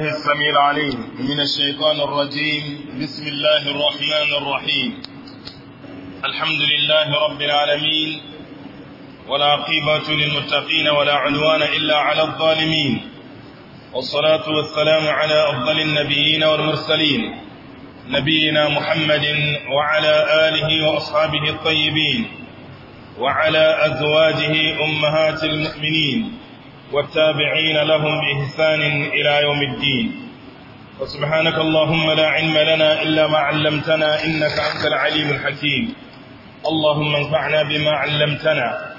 السميع العليم من الشيطان الرجيم بسم الله الرحمن الرحيم الحمد لله رب العالمين ولا عقبة للمتقين ولا عدوان إلا على الظالمين والصلاة والسلام على أفضل النبيين والمرسلين نبينا محمد وعلى آله وأصحابه الطيبين وعلى أزواجه أمهات المؤمنين والتابعين لهم بإحسان إلى يوم الدين وسبحانك اللهم لا علم لنا إلا ما علمتنا إنك أنت العليم الحكيم اللهم انفعنا بما علمتنا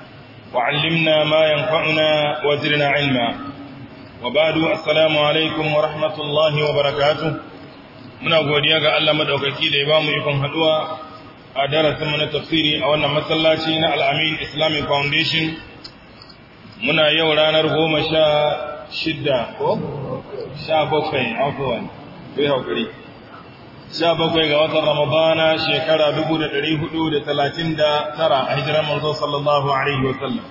وعلمنا ما ينفعنا وزرنا علما وبعد السلام عليكم ورحمة الله وبركاته muna godiya ga Allah madaukaki da ya bamu ikon haduwa a darasin mu na tafsiri a wannan masallaci na Al-Amin Islamic Foundation muna yau ranar goma sha shidda ko? sha bakwai afuwan bai haƙuri sha bakwai ga watan ramadana shekara dubu da dari hudu da talatin da tara a hijirar manzo sallallahu alaihi wasallam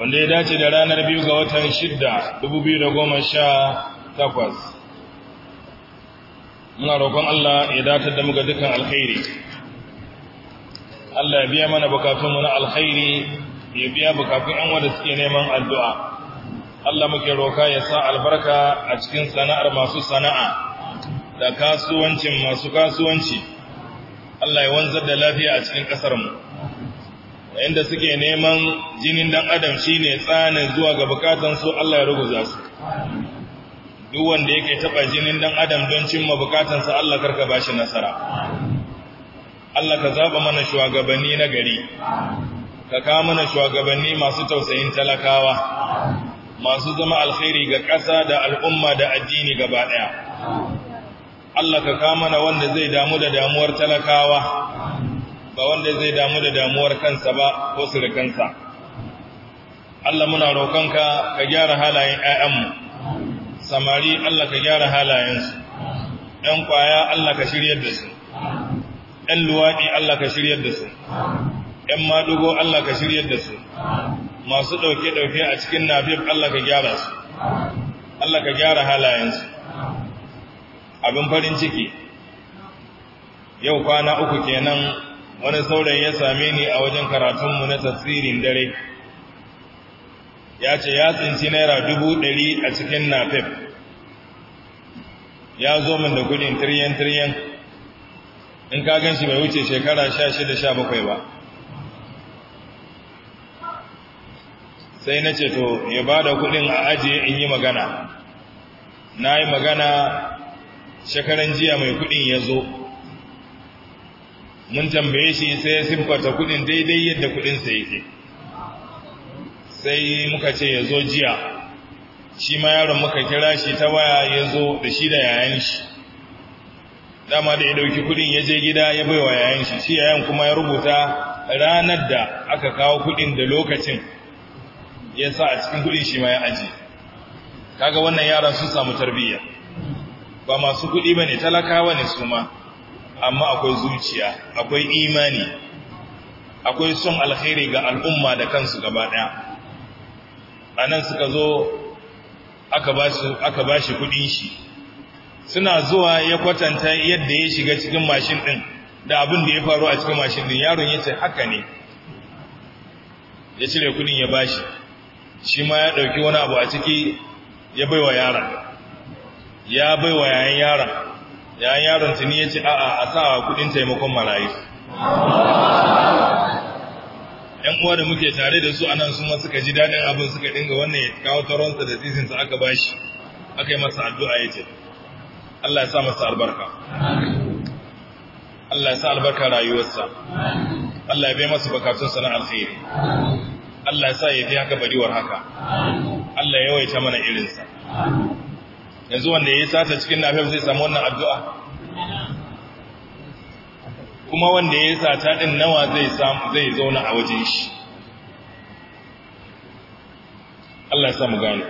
wanda ya dace da ranar biyu ga watan shidda dubu biyu da goma sha takwas muna roƙon Allah ya datar da muka dukkan alkhairi Allah ya biya mana bukatunmu na alkhairi ya biya bukatun yan wanda suke neman addu'a Allah muke roka ya sa albarka a cikin sana'ar masu sana'a da kasuwancin masu kasuwanci Allah ya wanzar da lafiya a cikin ƙasarmu. mu suke neman jinin ɗan adam shine tsanin zuwa ga bukatansu su Allah ya ruguza su duk wanda yake taɓa jinin ɗan adam don cimma bukatansa Allah karka shi nasara Allah ka zaɓa mana shugabanni na gari ka kama mana shugabanni masu tausayin talakawa masu zama alkhairi ga ƙasa da al'umma da addini gaba ɗaya Allah ka kama mana wanda zai damu da damuwar talakawa ba wanda zai damu da damuwar kansa ba ko surukansa Allah muna roƙonka ka gyara halayen ‘ya'yanmu samari Allah ka gyara halayensu Ƴan ƙwaya, Allah ka shiryar da su Ƴan luwaɗi Allah ka shiryar da su ‘yan madugo Allah ka shiryar da su, masu ɗauke-ɗauke a cikin nafif Allah ka gyara su, Allah ka gyara halayensu. Abin farin ciki, yau kwana uku kenan wani saurayi ya same ni a wajen karatunmu na tasirin dare. Ya ce ya tsinci naira dubu ɗari a cikin nafif, ya zo min da kudin tiryen-tiryen, in ka gan shi bai wuce shekara sha shida sha bakwai ba. sai na ce to ya ba da kudin a ajiye in yi magana na yi magana shekaran jiya mai kudin ya zo mun tambaye shi sai ya simfata kudin daidai yadda kudinsa yake sai muka ce ya zo jiya shi ma yaron muka kira shi ta waya ya zo da shi da yayan shi dama da ya dauki kudin ya je gida ya baiwa yayan shi shi yayan kuma ya rubuta ranar da aka kawo kudin da lokacin ya sa a cikin kudin shi ma ya aje kaga wannan yaran sun samu tarbiyya ba masu kudi bane talakawa ne su ma amma akwai zuciya akwai imani akwai son alheri ga al'umma da kansu gaba daya anan suka zo aka ba su aka ba shi kudin shi suna zuwa ya kwatanta yadda ya shiga cikin mashin din da abin da ya faru a cikin mashin din yaron yace haka ne ya cire kudin ya bashi shi ma ya ɗauki wani abu a ciki ya baiwa yaron ya baiwa yayan yaron yayan yaron tuni ya ce a'a a sa kudin taimakon marayu ‘yan uwa da muke tare da su a nan suma suka ji daɗin abin suka dinga wannan ya kawo taronsa da tisinsa aka bashi aka yi masa addu'a ya ce Allah ya sa masa albarka Allah ya sa albarka rayuwarsa Allah ya bai masa bukatunsa na alkhairi Allah ya sa ya fi haka bariwar haka Allah ya yawaita mana irinsa yanzu wanda ya yi sata cikin nafiyar zai samu wannan addu'a kuma wanda ya yi sata ɗin nawa zai samu zai zauna a wajen shi Allah ya samu gano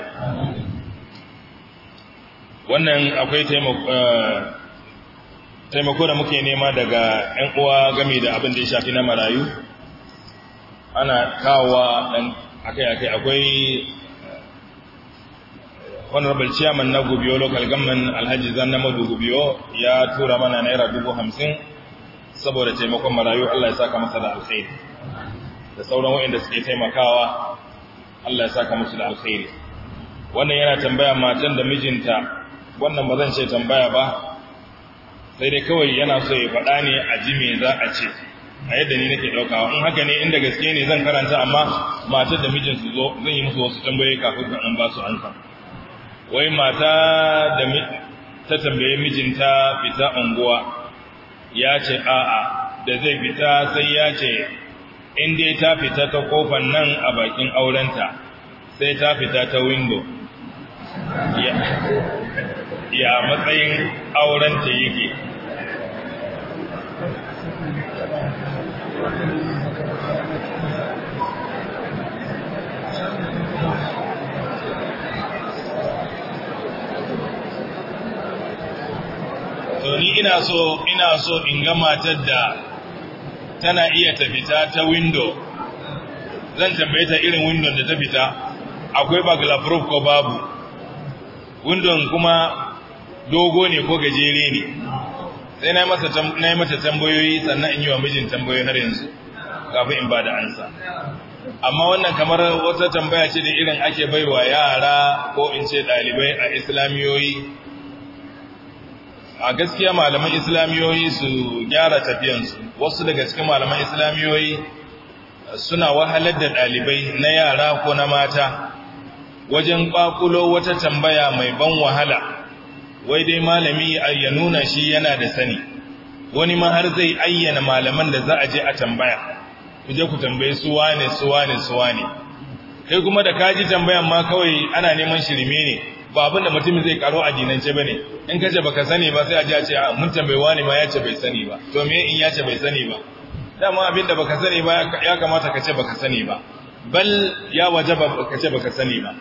wannan akwai eh, taimako da muke nema daga ‘yan uwa game da abin da ya shafi na marayu’ ana kawa dan akai-akai akwai eh, honorable chairman na gubiyo local government alhaji madu gubiyo ya tura mana naira dubu hamsin saboda taimakon marayu allah ya saka masa da alkhairi da sauran wa'inda suke taimakawa allah ya saka musu da alkhairi wannan yana tambaya matan da mijinta wannan ba zan ce tambaya ba sai dai kawai yana so ya faɗa ne a ji me za a ce a yadda ni nake dauka in haka ne inda gaske ne zan karanta amma matar da mijin su zo zan yi musu wasu tambayoyi kafin an ba su anka. wai mata da ta tambaye mijinta fita unguwa ya ce a'a da zai fita sai ya ce in dai ta fita ta kofan nan a bakin aurenta sai ta fita ta window ya matsayin aurenta yake ni ina so ina so in ga matar da tana iya tafita ta window zan tambaye ta irin window da ta fita akwai baglaproof ko babu window kuma dogo ne ko gajere ne sai na yi mata tambayoyi sannan in yi wa mijin tambayoyi har yanzu kafin in ba da ansa amma wannan kamar wata tambaya ce da irin ake baiwa yara ko in ce ɗalibai a islamiyoyi a gaskiya malaman islamiyoyi su gyara tafiyansu wasu daga cikin malaman islamiyoyi suna wahalar da ɗalibai na yara ko na mata wajen ƙwaƙulo wata tambaya mai ban wahala wai dai malami ya nuna shi yana da sani wani ma har zai ayyana malaman da za a je a tambaya ku je ku tambaye su wane su wane su wane kai kuma da ka ji tambayan ma kawai ana neman shirme ne ba abin da mutum zai karo a dinance ba ne in kace baka sani ba sai a ji a ce ah, mun tambayi wani ma ya ce bai sani ba to me in ya ce bai sani ba dama abin da baka sani ba ya kamata ka ce baka sani ba bal ya wajaba ka ce baka sani ba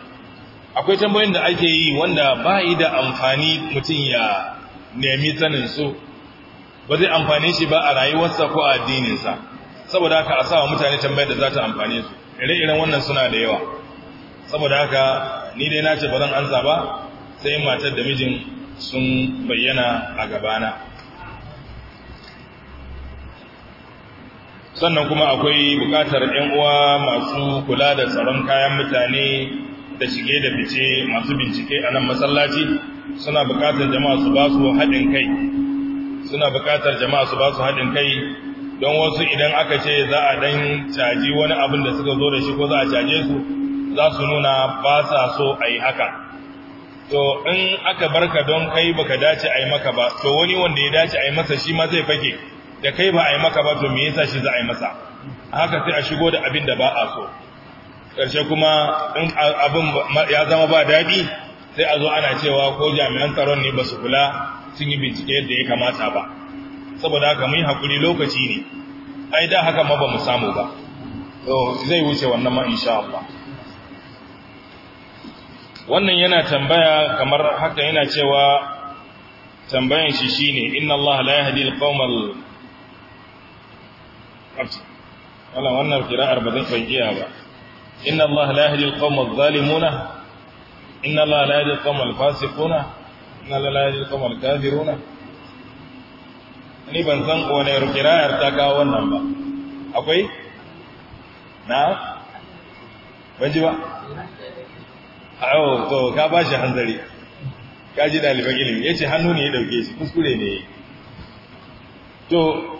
akwai tambayin da ake yi wanda ba yi da amfani mutum ya nemi sanin su ba zai amfani shi ba a rayuwarsa ko a addininsa saboda haka a sawa mutane tambayar da za ta amfani su ire-iren wannan suna da yawa saboda haka ni dai na ce ba zan ansa ba sai matar da mijin sun bayyana a gabana sannan kuma akwai bukatar 'yan uwa masu kula da tsaron kayan mutane da shige da fice masu bincike a nan masallaci suna bukatar jama'a su basu haɗin kai suna bukatar jama'a su ba haɗin kai don wasu idan aka ce za a dan caji wani abin da suka zo da shi ko za a caje su za su nuna ba sa so a yi haka to in aka barka don kai baka dace a yi maka ba to wani wanda ya dace a yi masa shi ma zai fage da kai ba a yi maka ba to me yasa shi za a yi masa haka sai a shigo da abin da ba a so ƙarshe kuma in abin ya zama ba daɗi sai a zo ana cewa ko jami'an tsaron ne ba su kula sun yi bincike yadda ya kamata ba saboda haka mun hakuri lokaci ne ai da haka ma ba mu samu ba to zai wuce wannan ma insha Allah wannan yana tambaya kamar haka yana cewa tambayan shi shine inna Allah la yahdi al-qawmal wannan kira'ar ba zan fahimta ba إن الله لا يهدي القوم الظالمون إن الله لا يهدي القوم الفاسقون إن الله لا يهدي القوم الكافرون ni ban san wani kirayar ta kawo wannan ba akwai na ban ji ba awo ka ba hanzari ka ji ɗaliban ilimi ya ce hannu ne ya ɗauke shi kuskure ne to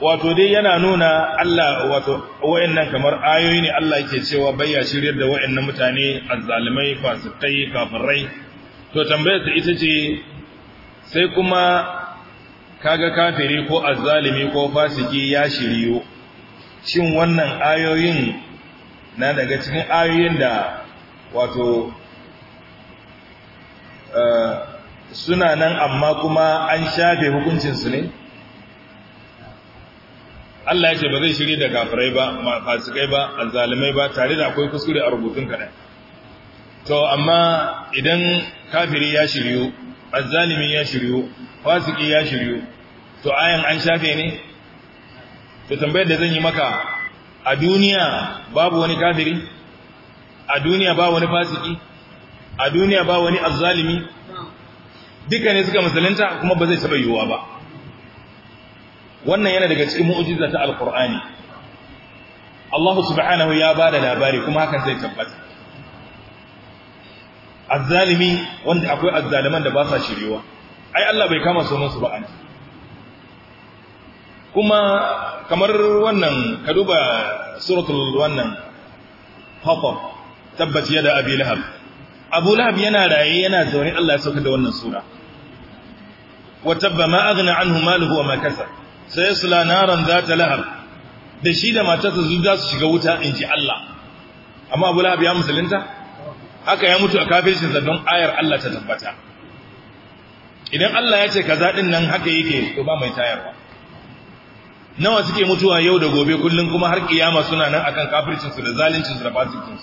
wato dai yana nuna Allah wato wayannan kamar ayoyi ne Allah yake cewa bayya shiryar da wayannan mutane azzalimai fasikai kafirai to tambayar ta ita ce sai kuma kaga kafiri ko azzalimi ko fasiki ya shiryo shin wannan ayoyin na daga cikin ayoyin da wato eh, suna nan amma kuma an shafe hukuncinsu ne Allah ya ce ba zai shiri da kafirai ba fasikai ba azzalimai ba tare da akwai kuskure a rubutun ka to amma idan kafiri ya shiryu azzalimi ya shiryu fasiki ya shiryu to ayan an shafe ne to tambayar da zan yi maka a duniya babu wani kafiri a duniya ba wani fasiki a duniya ba wani azzalimi duka ne suka musulunta kuma ba zai taɓa yiwuwa ba wannan yana daga cikin mu'ujiza ta alkurani Allahu subhanahu ya bada labari kuma hakan zai tabbata azzalimi wanda akwai azzaliman da ba sa shirewa ai Allah bai kama sunansu ba an kuma kamar wannan ka duba suratul wannan haqab tabbat yada abi lahab abu lahab yana raye yana zaune Allah ya sauka da wannan sura wa tabba ma aghna anhu maluhu wa ma sai sulanaran naran ta lahar, da shi da matarsa su za su shiga wuta in ji Allah amma Abu Lahab ya musulunta haka ya mutu a kafin don ayar Allah ta tabbata idan Allah ya ce ka zaɗin nan haka yake to ba mai tayarwa nawa suke mutuwa yau da gobe kullum kuma har kiyama suna nan akan kafircin su da zalincin su da fasikin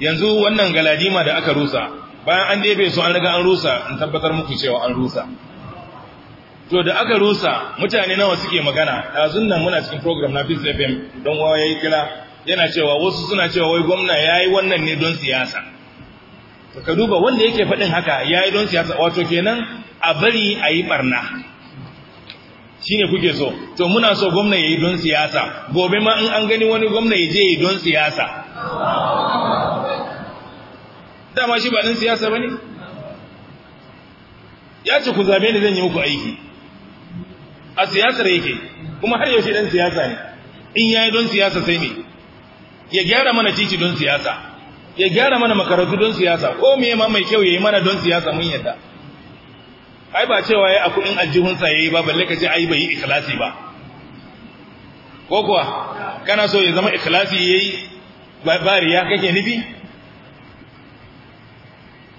yanzu wannan galadima da aka rusa bayan an defe su an riga an rusa in tabbatar muku cewa an rusa to da aka rusa mutane nawa suke magana ɗazun nan muna cikin program na Peace FM don wawa ya yi kira yana cewa wasu suna cewa wai gwamna ya yi wannan ne don siyasa to ka duba wanda yake faɗin haka ya yi don siyasa wato kenan a bari a yi ɓarna shi ne kuke so to muna so gwamna ya yi don siyasa gobe ma in an gani wani gwamna ya je ya yi don siyasa dama shi ba ɗin siyasa ba ne ya ce ku zaɓe ni zan yi muku aiki a siyasar yake kuma har yaushe dan siyasa ne in yayi don siyasa sai me ya gyara mana titi don siyasa ya gyara mana makarantu don siyasa ko me ma mai kyau yayi mana don siyasa mun yadda ai ba cewa yayi a kudin aljihun sa yayi ba balle kace ai bai yi ikhlasi ba ko kuwa kana so ya zama ikhlasi yayi ba riya kake nufi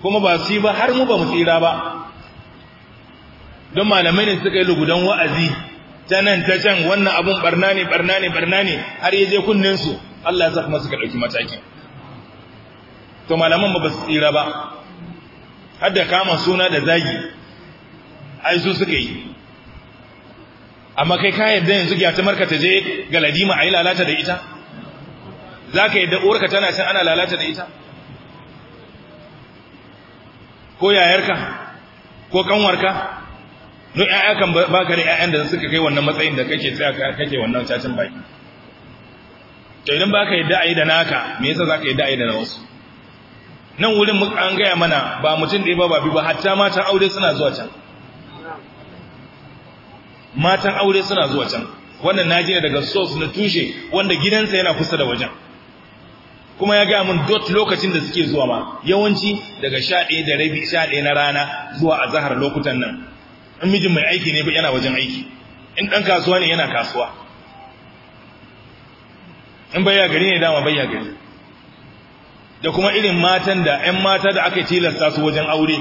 kuma ba si ba har mu ba mu tsira ba don malamai ne suka yi lugudan wa'azi ta nan ta can wannan abun barna ne barna ne barna ne har ya je kunnen su Allah ya sa kuma suka ɗauki mataki to malaman ba su tsira ba har da kama suna da zagi ai su suka yi amma kai ka yadda yanzu ya ta marka ta je Galadima a yi lalata da ita Za ka yadda uwarka tana can ana lalata da ita ko yayarka ko kanwarka don ƴaƴa kan ba ka da ƴaƴan da suka kai wannan matsayin da kake tsaya kake wannan cacin baki to idan ba ka yi da'ayi da naka me yasa za ka yi da'ayi da na wasu nan wurin an gaya mana ba mutum ɗaya ba ba biyu ba hatta matan aure suna zuwa can matan aure suna zuwa can wannan na daga source na tushe wanda gidansa yana kusa da wajen kuma ya gaya min dot lokacin da suke zuwa ma yawanci daga sha ɗaya da rabi sha ɗaya na rana zuwa a zahar lokutan nan in mijin mai aiki ne yana wajen aiki in dan kasuwa ne yana kasuwa in bayya gari ne dama bayya gari da kuma irin matan da 'yan mata da aka tilasta su wajen aure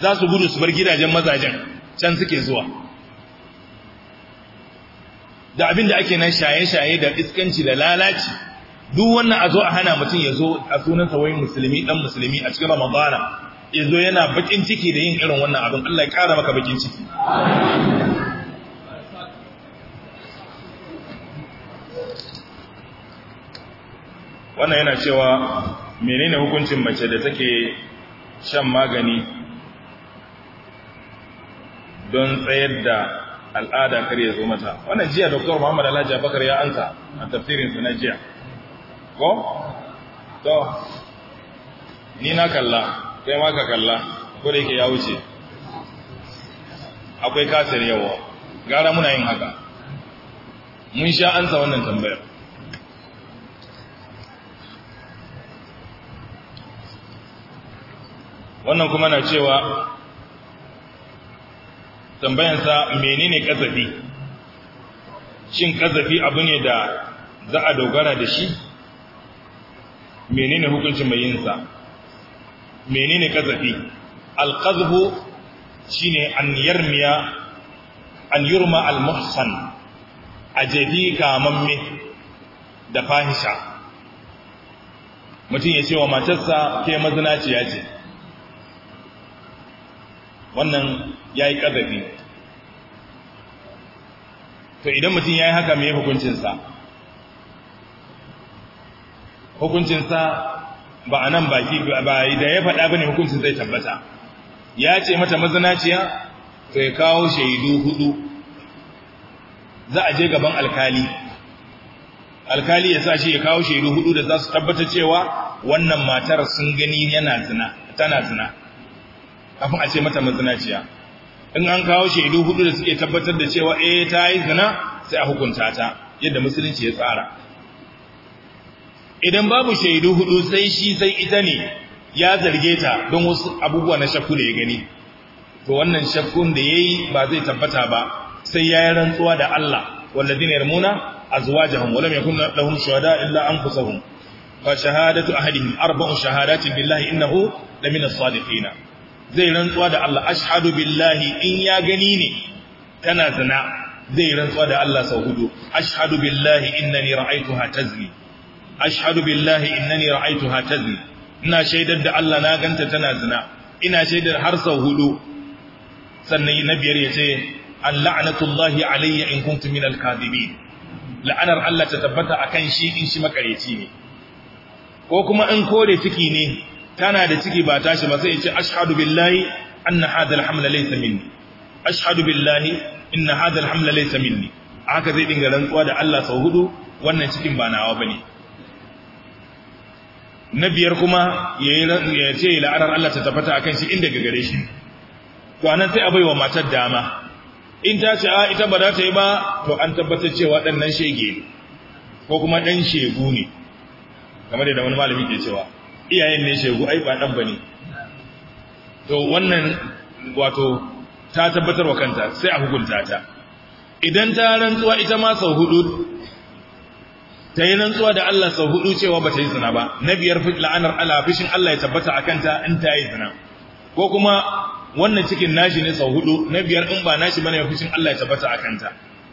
za su gudu su bar gidajen mazajen can suke zuwa da abin da ake nan shaye-shaye da iskanci da lalaci duk wannan a zo a hana mutum ya zo a sunansa wai musulmi dan musulmi a cikin ramadana ya zo yana bakin ciki da yin irin wannan abin Allah ya kara maka bakin ciki wannan yana cewa menene hukuncin mace da take shan magani don tsayar da al'ada kar ya zo mata wannan jiya dr muhammad alhaji abakar ya ansa a tafsirinsa na jiya ko? to ni na kalla kai ma ka kalla ko da yake ya wuce akwai kasar yawa gara muna yin haka mun sha ansa wannan tambayar wannan kuma na cewa tambayansa menene kazafi shin kazafi abu ne da za a dogara da shi menene hukuncin mai yinsa menene kazafi alqazfu shine an yarmiya an yurma almuhsan ajebi kamamme da fahisha mutum ya ce wa matarsa ke mazinaciya ce wannan yayi kazafi to idan mutum yayi haka me hukuncinsa hukuncinsa ba a nan baki ba da ya faɗa ba ne hukuncin zai tabbata ya ce mata mazanaciya to ya kawo shaidu hudu za a je gaban alkali alkali ya sa shi ya kawo shaidu hudu da za su tabbata cewa wannan matar sun gani yana zina tana zina kafin a ce mata mazinaciya in an kawo shaidu hudu da suke tabbatar da cewa eh ta yi zina sai a hukunta ta yadda musulunci ya tsara idan babu shaidu hudu sai shi sai ita ne ya zarge ta don wasu abubuwa na shakku da ya gani to wannan shakkun da ya yi ba zai tabbata ba sai ya yi rantsuwa da Allah walladina yarmuna azwajahum walam yakun lahum shuhada illa anfusuhum fa shahadatu ahadihim arba'u shahadatin billahi innahu lamina as-sadiqin zai rantsuwa da Allah ashhadu billahi in ya gani ne tana zina zai rantsuwa da Allah sau hudu ashhadu billahi innani ra'aytuha tazni ashhadu billahi innani ra'aytuha tazni ina shaidar da Allah na ganta tana zina ina shaidar har sau hudu sannan na biyar yace la'natullahi alayya in kuntu min al-kadhibin la'anar Allah ta tabbata akan shi in shi makareci ne ko kuma in kore ciki ne tana da ciki ba tashi ba sai ya ce ashhadu billahi anna hadha al-hamla laysa minni ashhadu billahi inna hadha al-hamla laysa minni haka zai dinga rantsuwa da Allah sau hudu wannan cikin ba nawa bane na biyar kuma ya ce la'anar Allah ta tabbata akan shi inda gagare shi to sai a baiwa matar dama in ta ce a ita ba za ta yi ba to an tabbatar cewa ɗan nan shege ko kuma ɗan shegu ne kamar da wani malami ke cewa iyayen ne shegu ai ba ba ne to wannan wato ta tabbatar wa kanta sai a hukunta ta idan ta rantsuwa ita ma sau hudu ta yi rantsuwa da Allah sau hudu cewa ba ta yi zina ba na biyar la'anar Allah fishin Allah ya tabbata a kanta in ta yi zina ko kuma wannan cikin nashi ne sau hudu na biyar in ba nashi bane fishin Allah ya tabbata a kanta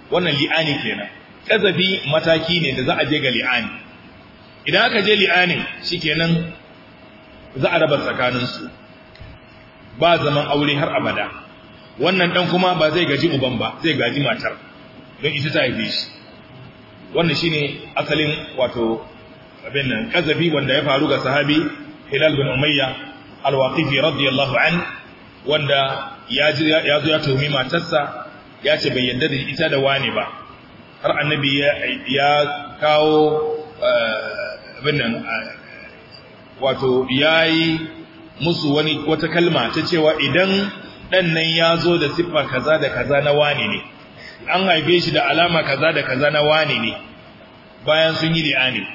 wannan li'ani kenan kazafi mataki ne da za a je ga li'ani idan aka je li'ani shikenan za a raba tsakaninsu ba zaman aure har abada wannan dan kuma ba zai gaji uban ba zai gaji matar don ita ta haife shi wannan shi ne asalin wato abin nan kazafi wanda ya faru ga sahabi Hilal bin Umayya al-Waqifi radiyallahu an wanda ya zo ya tuhumi matarsa ya ce bai yarda da ita da wani ba har annabi ya kawo eh, abin nan eh, wato yayi musu wani wata kalma ta cewa idan dan nan ya zo da siffa kaza da kaza na wani ne an haife shi da alama kaza da kaza na wane ne bayan sun yi li'ani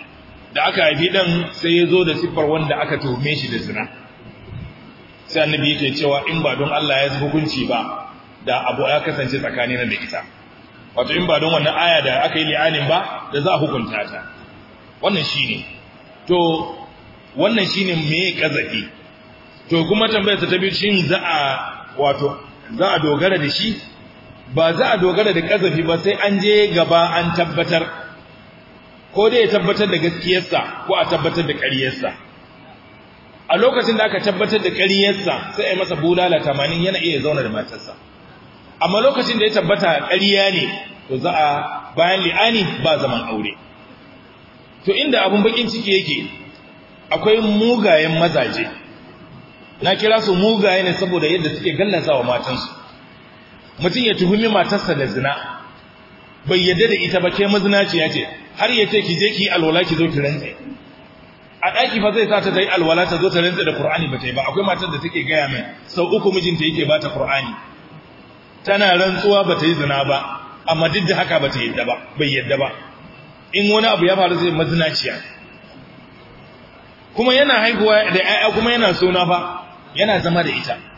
da aka haife dan sai ya zo da siffar wanda aka tuhume shi da zina sai annabi yake cewa in ba don Allah ya hukunci ba da abu ya kasance tsakani na da ita wato in ba don wannan aya da aka yi li'anin ba da za a hukunta ta wannan shine to wannan shine me kazafi to kuma tambayar ta biyu shin za a wato za a dogara da shi ba za a dogara da kazafi ba sai an je gaba an tabbatar ko dai ya tabbatar da gaskiyarsa ko a tabbatar da ƙaryarsa a lokacin da aka tabbatar da ƙaryarsa sai a yi masa bulala tamanin yana iya zauna da matarsa amma lokacin da ya tabbata ƙarya ne to za a bayan li'ani ba zaman aure to inda abun bakin ciki yake akwai mugayen mazaje na kira su mugaye ne saboda yadda suke gallazawa wa matansu mutum ya tuhumi matarsa da zina bai yadda da ita ba ke mazina ce har ya ce ki je ki alwala ki zo ki rantse a ɗaki fa zai sa ta yi alwala ta zo ta rantse da Qur'ani ba ta yi ba akwai matar da take gaya mai sau uku mijinta yake bata Qur'ani tana rantsuwa ba ta yi zina ba amma duk da haka ba yadda ba bai yadda ba in wani abu ya faru zai mazinaciya kuma yana haihuwa da 'ya'ya kuma yana suna fa yana zama da ita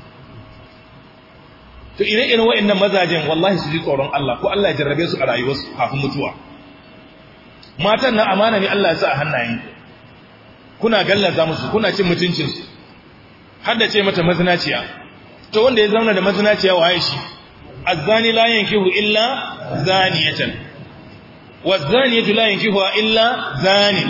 to ire ire wa'annan mazajen wallahi su ji tsoron Allah ko Allah ya jarrabe su a rayuwarsu kafin mutuwa matan nan amana ne Allah ya sa a hannayen kuna gallaza musu kuna cin mutuncin su har da ce mata mazinaciya to wanda ya zauna da mazinaciya wa Aisha azzani la yankihu illa zaniyatan zaniyatu la yankihu illa zani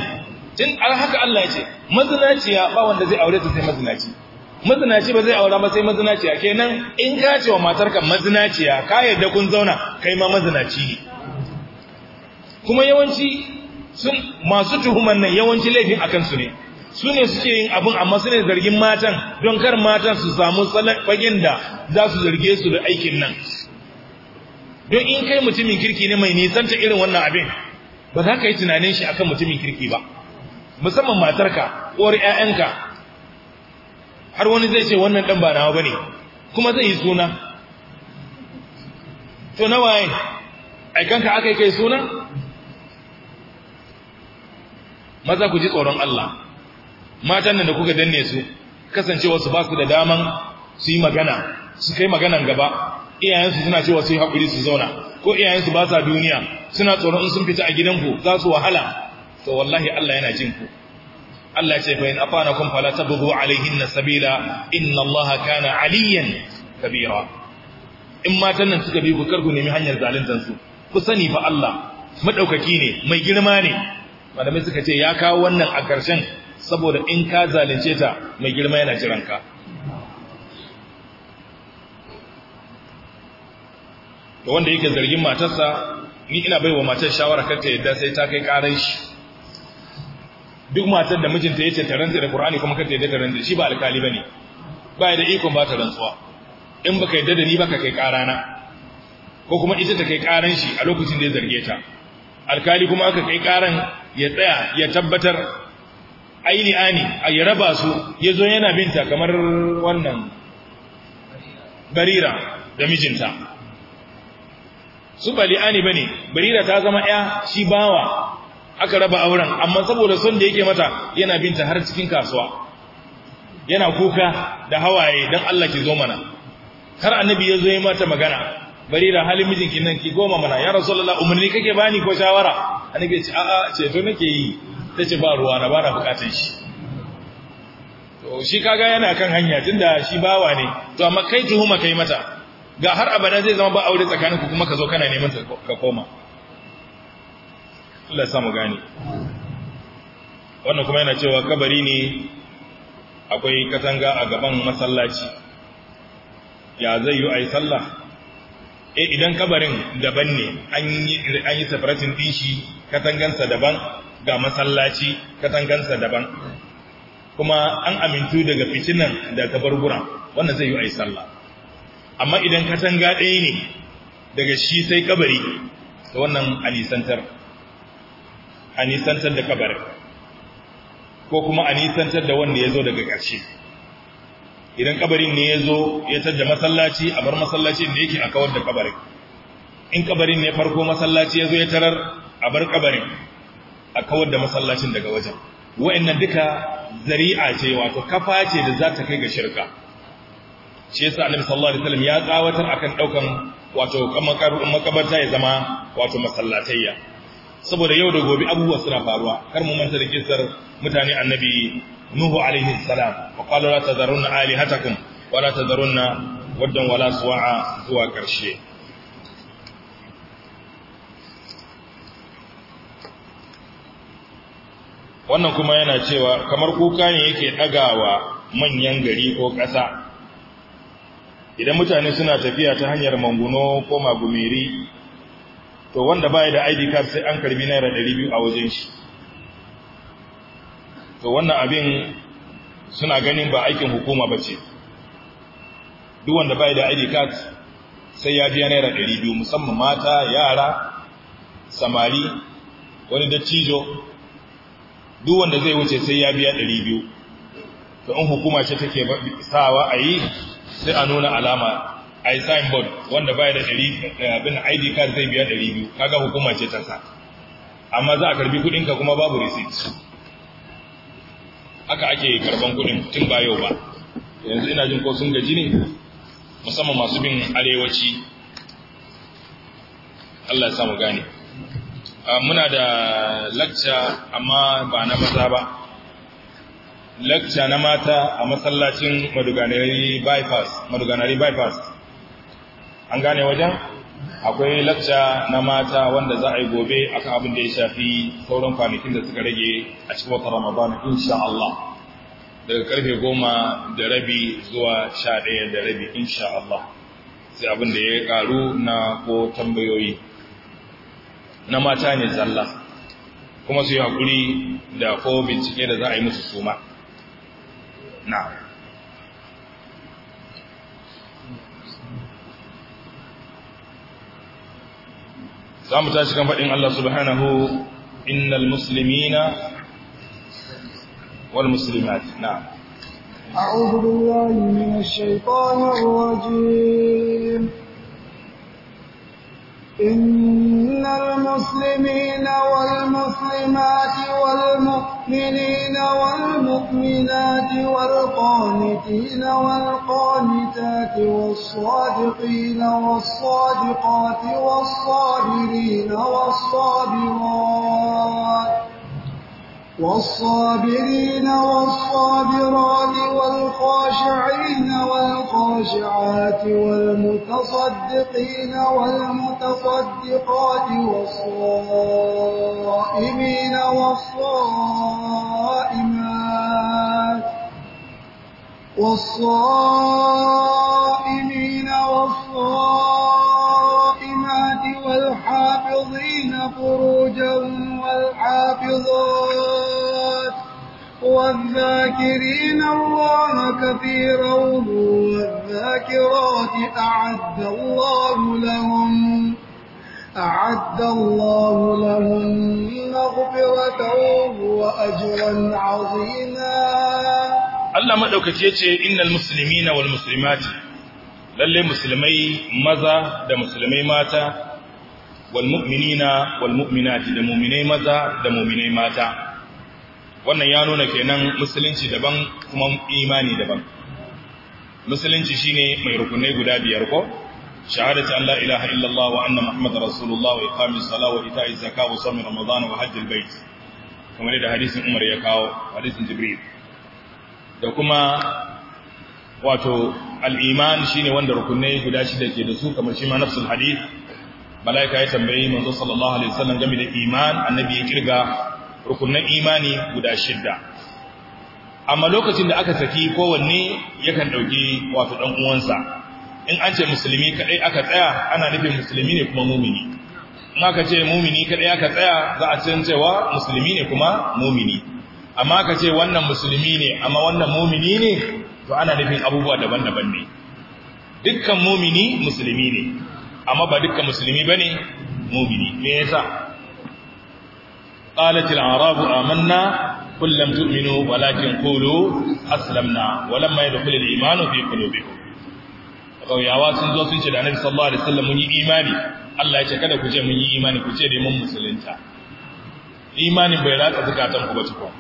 tun haka Allah ya ce mazinaciya ba wanda zai aure ta sai mazinaci mazinaci ba zai aura ba sai mazinaciya kenan in ka ce wa matarka mazinaciya ka yadda kun zauna kai ma mazinaci ne kuma yawanci sun masu tuhuman nan yawanci laifin akan su ne su ne suke yin abin amma su ne zargin matan don kar matan su samu fagen da za su zarge su da aikin nan don in kai mutumin kirki ne mai nisanta irin wannan abin ba za ka yi tunanin shi akan mutumin kirki ba musamman matarka ko 'ya'yanka har wani zai ce wannan dan ba nawa bane kuma zai yi suna to na waye aikanka aka yi kai suna maza ku ji tsoron Allah matan nan da kuka danne su kasancewa su ba su da daman su yi magana su kai maganan gaba iyayensu suna cewa su yi haƙuri su zauna ko iyayensu ba sa duniya suna tsoron in sun fita a gidanku za su wahala to wallahi Allah yana jin ku Allah ce fa in afanakum fala tabghu alaihin sabila inna Allah kana aliyan kabira in matan nan suka bi ku karku nemi hanyar zaluntar su ku sani fa Allah madaukaki ne mai girma ne malamai suka ce ya kawo wannan a karshen saboda in ka zalunce ta mai girma yana jiran ka to wanda yake zargin matarsa ni ina baiwa matar shawara kar ta yadda sai ta kai karan shi duk matar da mijinta yace ta rantsa da Qur'ani kuma kace da ta rantsa shi ba alkali bane ba da ikon ba ta rantsuwa in baka yadda da ni baka kai karana ko kuma ita ta kai karan shi a lokacin da ya zarge ta alkali kuma aka kai karan ya tsaya ya tabbatar aini ani a ya raba su ya zo yana binta kamar wannan barira da mijinta su bali ani bane barira ta zama ya shi bawa aka raba auren amma saboda son da yake mata yana binta har cikin kasuwa yana kuka da hawaye don Allah ki zo mana har annabi ya zo yi mata magana bari da halin mijinki nan ki goma mana ya rasulullah umarni kake bani ko shawara annabi ya ce a'a ceto nake yi Ta ce ba ruwa na ba na bukatun shi to shi kaga yana kan hanya tunda shi bawa ne to amma kai tuhuma kai mata ga har abada zai zama ba aure tsakaninku kuma ka zo kana neman ka koma Allah samu gane wannan kuma yana cewa kabari ne akwai katanga a gaban masallaci ya zai yi a yi sallah eh idan kabarin daban ne an yi safaratin dishi katangansa daban ga masallaci katangansa daban kuma an amintu daga fitinan da gura wannan zai yi a yi sallah amma idan katanga ɗaya ne daga shi sai kabari ta wannan alisantar a nisantar da kabarin ko kuma a nisantar da wanda ya zo daga ƙarshe idan kabarin ne ya zo ya tadda masallaci a bar masallacin da yake a kawar da kabarin in kabarin ne farko masallaci ya zo ya tarar a bar kabarin a kawar da masallacin daga wajen wa'annan duka zari'a ce wato kafa ce da za ta kai ga shirka shi yasa annabi sallallahu alaihi wasallam ya tsawatar akan daukan wato makabarta ya zama wato masallatayya saboda yau da gobe abubuwa suna faruwa kar mu manta da kisar mutane annabi nuhu alaihi salam wa qala la tadharunna alihatakum wa la tadharunna waddan wala suwa'a zuwa karshe wannan kuma yana cewa kamar kuka ne yake dagawa manyan gari ko ƙasa idan mutane suna tafiya ta hanyar manguno ko magumeri to wanda ba da ID card sai an karbi naira 200 a wajen shi to wannan abin suna ganin ba aikin hukuma bace duk wanda ba da ID card sai ya biya naira 200 musamman mata yara samari wani dattijo duk wanda zai wuce sai ya biya 200 to in hukuma ce take sawa a yi sai a nuna alama a yi signboard wanda baya da ɗari eh, abin id card zai biya ɗari biyu kaga hukuma ce ta sa amma za a karbi kuɗinka kuma babu receipt haka ake karban kuɗin tun ba yau ba yanzu ina jin ko sun gaji ne musamman masu bin arewaci Allah ya samu gane ah, muna da lacca amma ba na maza ba lacca na mata a masallacin maduganari bypass maduganari bypass an gane wajen akwai lacca na mata wanda za a yi gobe a kan abin da ya shafi sauran kwanakin da suka rage a cikin wata ramadan insha Allah daga karfe goma da rabi zuwa sha ɗaya da rabi insha Allah sai abin da ya karu na ko tambayoyi na mata ne zalla kuma su yi haƙuri da ko bincike da za a yi musu suma na za mu tashi kan faɗin Allah subhanahu innal muslimina wal muslimat na'am أعوذ بالله من الشيطان الرجيم إن المسلمين والمسلمات والمؤمنين والمؤمنات والقانتين والقانتات والصادقين والصادقات والصابرين والصابرات والصابرين والصابرات والخاشعين والخاشعات والمتصدقين والمتصدقات والصائمين والصائمات والصائمين والصائمات والحافظين فروجا والحافظات والذاكرين الله كثيرا والذاكرات أعد الله لهم أعد الله لهم مغفرة وأجرا عظيما Allah maɗaukaki ya ce, Innal musulmi na wal musulmati, lalle musulmai maza da musulmai mata, wal mu'mini da muminai maza da muminai mata. wannan ya nuna kenan musulunci daban kuma imani daban musulunci shine mai rukunai guda biyar ko shahadatu an la ilaha illallah wa anna muhammadar rasulullah wa iqamis salat wa ita'iz zakat wa sawm ramadan wa hajjil bait kamar da hadisin umar ya kawo hadisin jibril da kuma wato al'iman iman shine wanda rukunai guda shida ke da su kamar shi ma nafsul hadith mala'ika ya tambayi manzo sallallahu alaihi wasallam game da iman annabi ya kirga rukunan imani guda shidda amma lokacin da aka saki kowanne yakan ɗauki wato dan uwansa in an ce musulmi kaɗai aka tsaya ana nufin musulmi ne kuma mumini in aka ce mumini kaɗai aka tsaya za a can cewa musulmi ne kuma mumini amma aka ce wannan musulmi ne amma wannan mumini ne to ana nufin abubuwa daban-daban ne dukkan mumini musulmi ne amma ba dukkan musulmi bane mumini me yasa قالت العراب آمنا قل لم تؤمنوا ولكن قولوا أسلمنا ولما يدخل الإيمان في قلوبكم ƙauyawa sun zo sun ce da annabi sallallahu alaihi wasallam mun yi imani Allah ya ce kada ku ce mun yi imani ku ce dai mun musulunta imanin bai ratsa zakatan ku ba tukun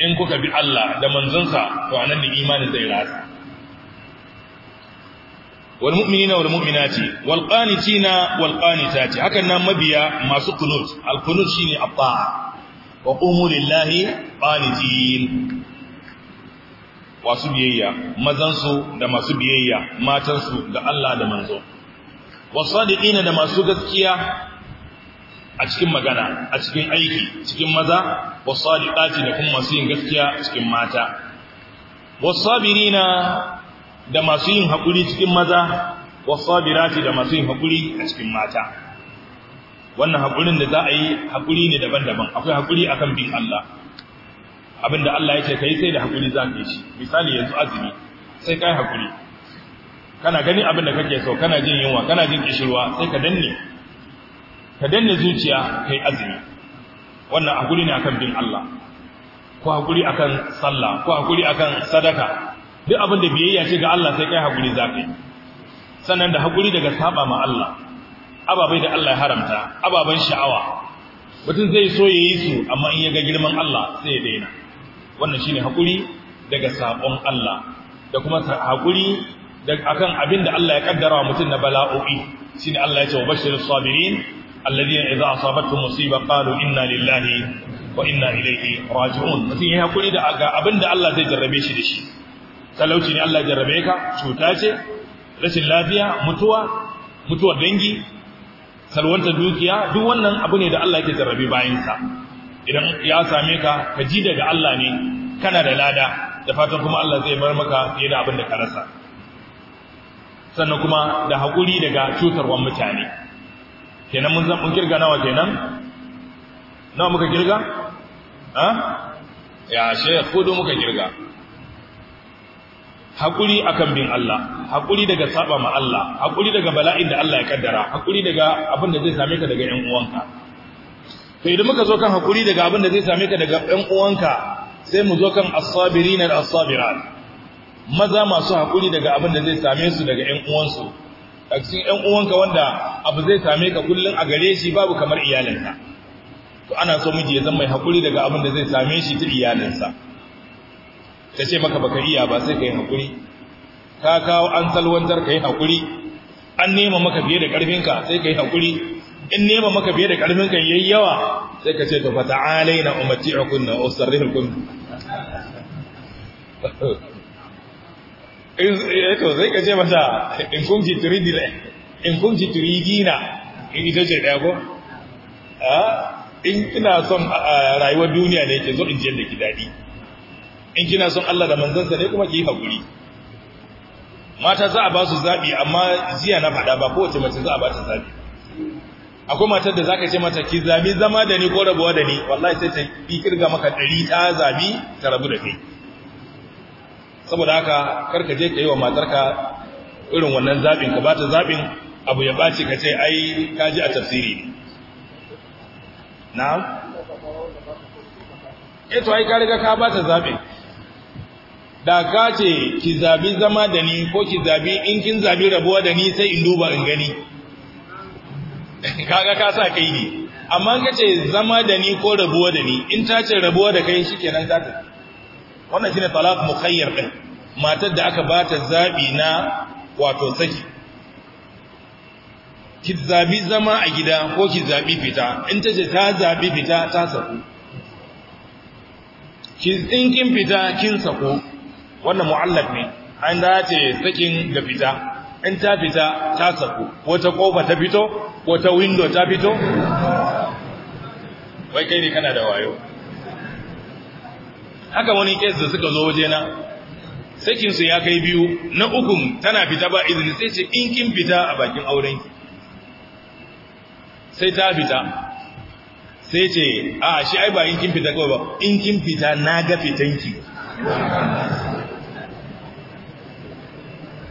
in kuka bi Allah da manzonsa to anan ne imanin zai ratsa wal mu'minina wal mu'minati wal qanitina wal qanitati hakan nan mabiya masu qunut al qunut shine abba wa qumu lillahi qanitin wasu biyayya mazan su da masu biyayya matan su ga Allah da manzo wasadiqina da masu gaskiya a cikin magana a cikin aiki cikin maza wasadiqati da kuma masu yin gaskiya cikin mata wasabirina da masu yin haƙuri cikin maza sabirati da masu yin haƙuri a cikin mata wannan haƙurin da za a yi haƙuri ne daban-daban akwai haƙuri kan bin Allah abinda Allah ya ce kai sai da haƙuri za ka shi misali yanzu azumi sai kai haƙuri kana gani abin da kake so kana jin yunwa kana jin kishirwa sai ka danne ka danne zuciya kai azumi wannan haƙuri ne akan bin Allah ko haƙuri akan sallah ko haƙuri akan sadaka duk abin da biyayya ce ga Allah sai kai hakuri zafi sannan da hakuri daga saba ma Allah ababai da Allah ya haramta ababan sha'awa mutum zai so ya yi su amma in ya ga girman Allah sai ya daina wannan shine hakuri daga sabon Allah da kuma hakuri akan abin da Allah ya kaddara wa mutum na bala'o'i shine Allah ya ce wa bashirus sabirin alladhina idza asabatuhum musiba qalu inna lillahi wa inna ilaihi raji'un mutum ya hakuri da abin da Allah zai jarrabe shi da shi talauci ne Allah jarrabe ka cuta ce rashin lafiya mutuwa mutuwar dangi salwantar dukiya duk wannan abu ne da Allah yake jarrabe bayansa idan ya same ka ka ji daga Allah ne kana da lada da fatan kuma Allah zai bar maka fiye da abin da ka rasa sannan kuma da hakuri daga cutarwar mutane kenan mun zan kirga nawa kenan nawa muka kirga ha ya shekh muka kirga haƙuri akan bin Allah haƙuri daga saba ma Allah haƙuri daga bala'in da Allah ya kaddara haƙuri daga abin da zai same ka daga ƴan uwanka to idan muka zo kan haƙuri daga abin da zai same ka daga ƴan uwanka sai mu zo kan as sabirin al as-sabirat maza masu haƙuri daga abin da zai same su daga ƴan uwansu a cikin ƴan uwanka wanda abu zai same ka kullun a gare shi babu kamar iyalinka to ana so miji ya zama mai haƙuri daga abin da zai same shi ta iyalinsa ta ce maka baka iya ba sai ka yi haƙuri ka kawo an salwantar ka yi haƙuri an nema maka biye da ƙarfinka sai ka yi haƙuri in nema maka biye da ƙarfinka yayi yawa sai ka ce to fa ta'alaina umati'ukum wa usarrihukum kunna usarrihin eh, to sai ka ce mata in turidi turidina in kunci turidina in ita ce ɗaya ko ah, in ina son ah, rayuwar duniya ne ke zo in ji yadda ki daɗi in kina son Allah da manzansa ne kuma ki hakuri mata za a ba su zabi amma jiya na faɗa ba kowace mace za a ba ta zabi akwai matar da zaka ce mata ki zabi zama da ni ko rabuwa da ni wallahi sai ta bi kirga maka ɗari ta zabi ta rabu da kai saboda haka karka je ka yi wa matarka irin wannan zabin ka bata zabin abu ya ɓaci ka ce ai ka ji a tafsiri na? eto eh ai ka riga ka bata zabin da ka ce ki zabi zama da ni ko ki zabi in kin zabi rabuwa da ni sai in duba in gani kaga ka sa kai ne amma ka ce zama da ni ko rabuwa da ni in ta ce rabuwa da kai shikenan za ta wannan shine talaq mukhayyar din matar da aka bata zabi na wato saki ki zabi zama a gida ko ki zabi fita in ta ce ta zabi fita ta saku kin kin fita kin sako wannan mu'allaf ne an dace sakin da fita in ta fita ta saku ko ta kofa ta fito ko ta window ta fito wai kai ne kana da wayo haka wani kesa da suka zo wajena sakinsu ya kai biyu na ukun tana fita ba izini sai ce in kin fita a bakin auren sai ta fita sai ce a shi ai ba in kin fita kawai ba in kin fita na ga fitanki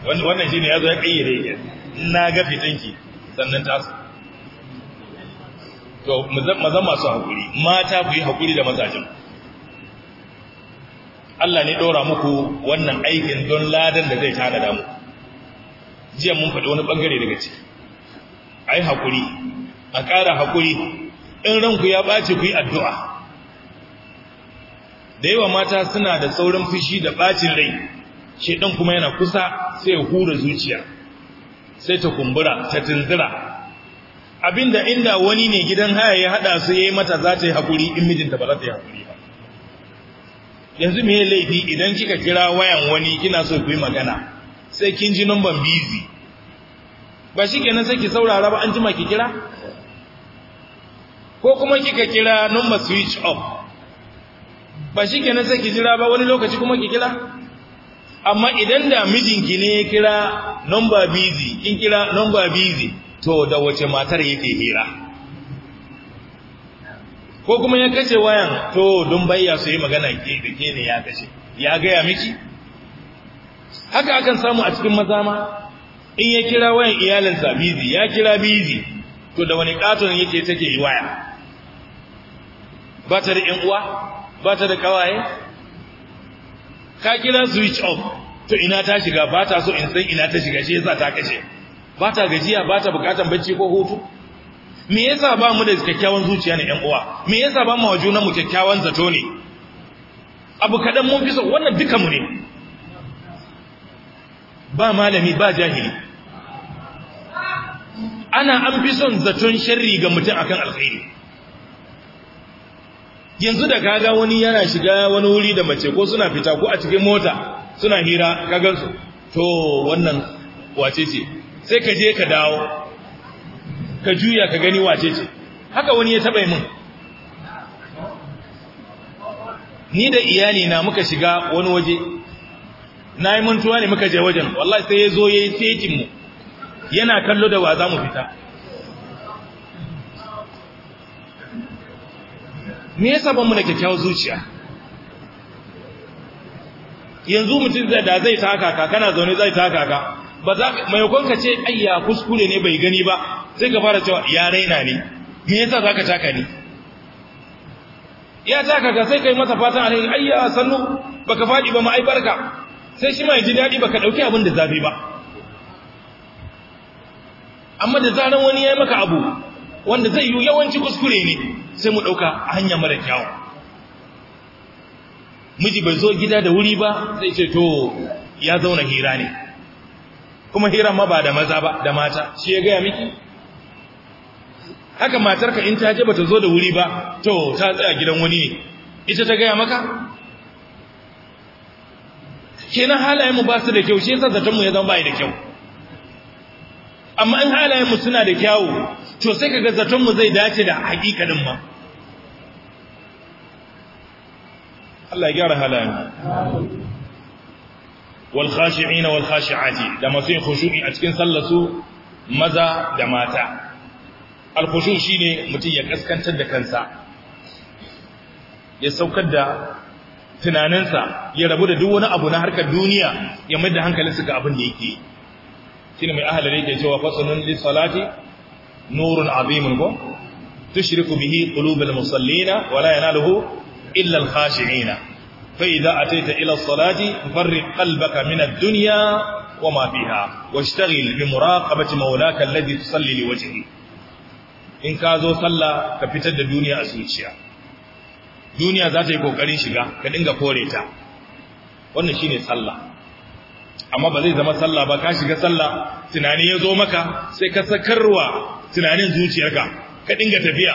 wannan ne ya zo ya kayyade na ga fitanki sannan ta su to mazan masu hakuri mata ku yi hakuri da mazajen Allah ne ɗora muku wannan aikin don ladan da zai tana damu jiya mun faɗi wani ɓangare daga ciki yi hakuri a ƙara hakuri in ranku ya ɓace ku yi addu'a da yawa mata suna da saurin fushi da ɓacin rai shedan kuma yana kusa sai ya hura zuciya sai ta kumbura ta tunzura abinda inda wani ne gidan haya ya hada su ya yi mata za ta yi hakuri in mijinta ba za ta yi hakuri ba yanzu mai laifi idan kika kira wayan wani kina so ku yi magana sai kin ji numban bizi ba shi kenan sai ki saurara ba an jima ki kira ko kuma kika kira number switch off ba shi kenan sai ki jira ba wani lokaci kuma ki kira amma idan da mijinki ne ya kira number bizi in kira number busy to da wace matar yake hira ko kuma ya kace wayan to don bayya su yi magana ke da ke ne ya kace ya gaya miki haka akan samu a cikin maza ma in ya kira wayan iyalinsa busy ya kira bizi to da wani katon yake take yi waya ba ta da ƴan uwa ba ta da kawaye ka kira switch off to ina ta shiga ba ta so in san ina ta shiga shi yasa ta kashe ba ta gajiya ba ta bukatan bacci ko hutu me yasa ba mu da kyakkyawan zuciya ne ƴan uwa me yasa ba mu wajuna mu kyakkyawan zato ne abu kadan mun fi so wannan duka mu ne ba malami ba jahili ana an fi son zaton sharri ga mutum akan alkhairi yanzu da kaga wani yana shiga wani wuri da mace ko suna fita ko a cikin mota suna hira ka su, to wannan wace ce sai ka je ka dawo ka juya ka gani wace ce haka wani ya taba min ni da iyali na muka shiga wani waje na yi muntuwa ne muka je wajen wallahi sai ya zo ya yi setin mu yana kallo da wa za mu fita me yasa ban mu da kyakkyawar zuciya yanzu mutum zai da zai taka ka kana zaune zai taka ka ba za mai ka ce ayya kuskure ne bai gani ba sai ka fara cewa ya raina ne me yasa zaka taka ni ya taka ka sai kai masa fatan alai ayya sannu baka fadi ba ma ai barka sai shi ma ji dadi baka dauki abin da zafi ba amma da zaran wani ya yi maka abu wanda zai yi yawanci kuskure ne sai mu ɗauka a hanya mara kyawu miji bai zo gida da wuri ba zai ce to ya zauna hira ne kuma hira ma ba da maza ba da mata shi ya gaya miki haka matarka in ta je bata zo da wuri ba to ta tsaya gidan wani ne ita ta gaya maka kenan halayen mu ba su da kyau shi yasa zaton mu ya zama bai da kyau amma in halayen mu suna da kyawu to sai kaga zaton mu zai dace da din ma Allah ya gyara halayen wal khashi'in wal khashi'ati da masu yin khushu'i a cikin sallasu maza da mata al khushu' shine mutum ya kaskantar da kansa ya saukar da tunaninsa ya rabu da duk wani abu na harkar duniya ya mai da hankalinsa ga abin da yake shine mai ahalari ke cewa fasalun li salati nurun azimun ko tushriku bihi qulubul musallina wala la yanaluhu illa al-khashi'ina fa idza ataita ila as-salati farriq qalbaka min ad-dunya wa ma fiha washtaghil bi muraqabati mawlaka alladhi tusalli liwajhihi in ka zo sallah ka fitar da duniya a zuciya duniya za ta yi ƙoƙarin shiga ka dinga kore ta wannan shi ne sallah amma ba zai zama sallah ba ka shiga sallah tunani ya zo maka sai ka sakarwa tunanin zuciyarka ka dinga tafiya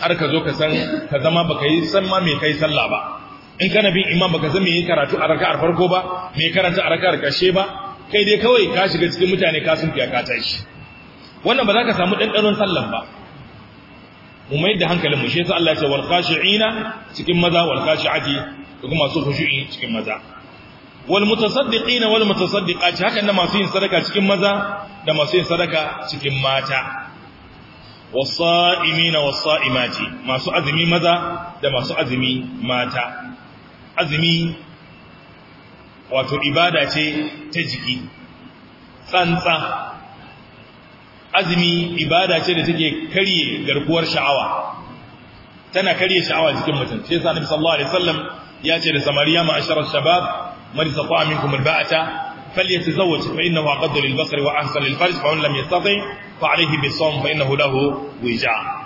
har ka zo ka san ka zama baka yi san ma me kai sallah ba in kana bin imam baka san me yi karatu a raka'ar farko ba me karanta a raka'ar karshe ba kai dai kawai ka shiga cikin mutane ka sun fiya ka tashi wannan ba za ka samu ɗanɗanon sallah ba mu mai da hankalin mu shi yasa Allah ya ce wal khashi'ina cikin maza wal khashi'ati da kuma su khushu'i cikin maza wal mutasaddiqina wal mutasaddiqati hakan da masu yin sadaka cikin maza da masu yin sadaka cikin mata wasa'imina wasa'imati masu azumi maza da masu azumi mata azumi wato ibada ce ta jiki tsantsa azumi ibada ce da take karye garkuwar sha'awa tana karye sha'awa cikin mutum sai sa sallallahu alaihi wasallam ya ce da samariya ma'asharar shabab من استطاع منكم الباءة فليتزوج فإنه أقد للبصر وأحسن للفرج فمن لم يستطع فعليه بالصوم فإنه له وجاء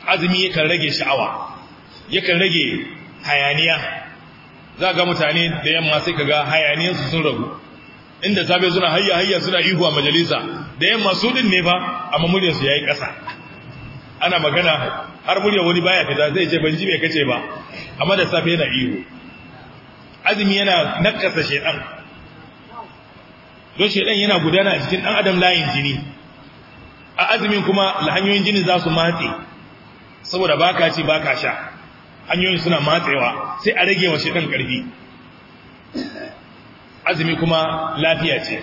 azumi yakan rage sha'awa yakan rage hayaniya za ga mutane da yamma sai ka ga hayaniyarsu sun ragu inda safe suna hayya hayya suna ihu a majalisa da yamma su din ne fa amma muryarsu ya yi ƙasa ana magana har muryar wani baya fita zai ce ban ji me kace ba amma da safe yana ihu azumi yana nakasa shaidan don shaiɗan yana gudana a cikin dan adam layin jini a azumin kuma hanyoyin jini za su matse saboda ba ka ci ka sha hanyoyin suna matsewa sai a rage wa shedan karfi azumi kuma lafiya ce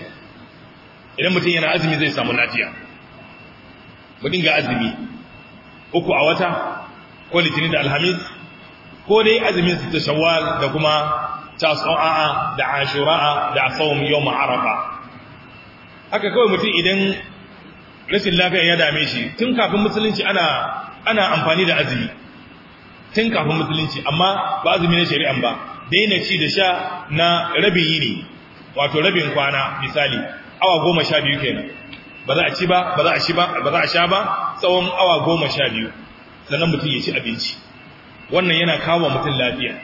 idan mutum yana azumi zai samu lafiya mu dinga azumi uku a wata ko litinin da alhamis ko dai azumin su ta shawwal da kuma tasu'a da ashura'a da asawun yawm ma'arafa. haka kawai mutum idan rashin lafiya ya dame shi tun kafin musulunci ana ana amfani da azumi tun kafin musulunci amma ba azumi na shari'an ba daina ci da sha na rabin yini wato rabin kwana misali awa goma sha biyu kenan ba za a ci ba ba za a shi ba ba za a sha ba tsawon awa goma sha biyu sannan mutum ya ci abinci wannan yana kawo mutum lafiya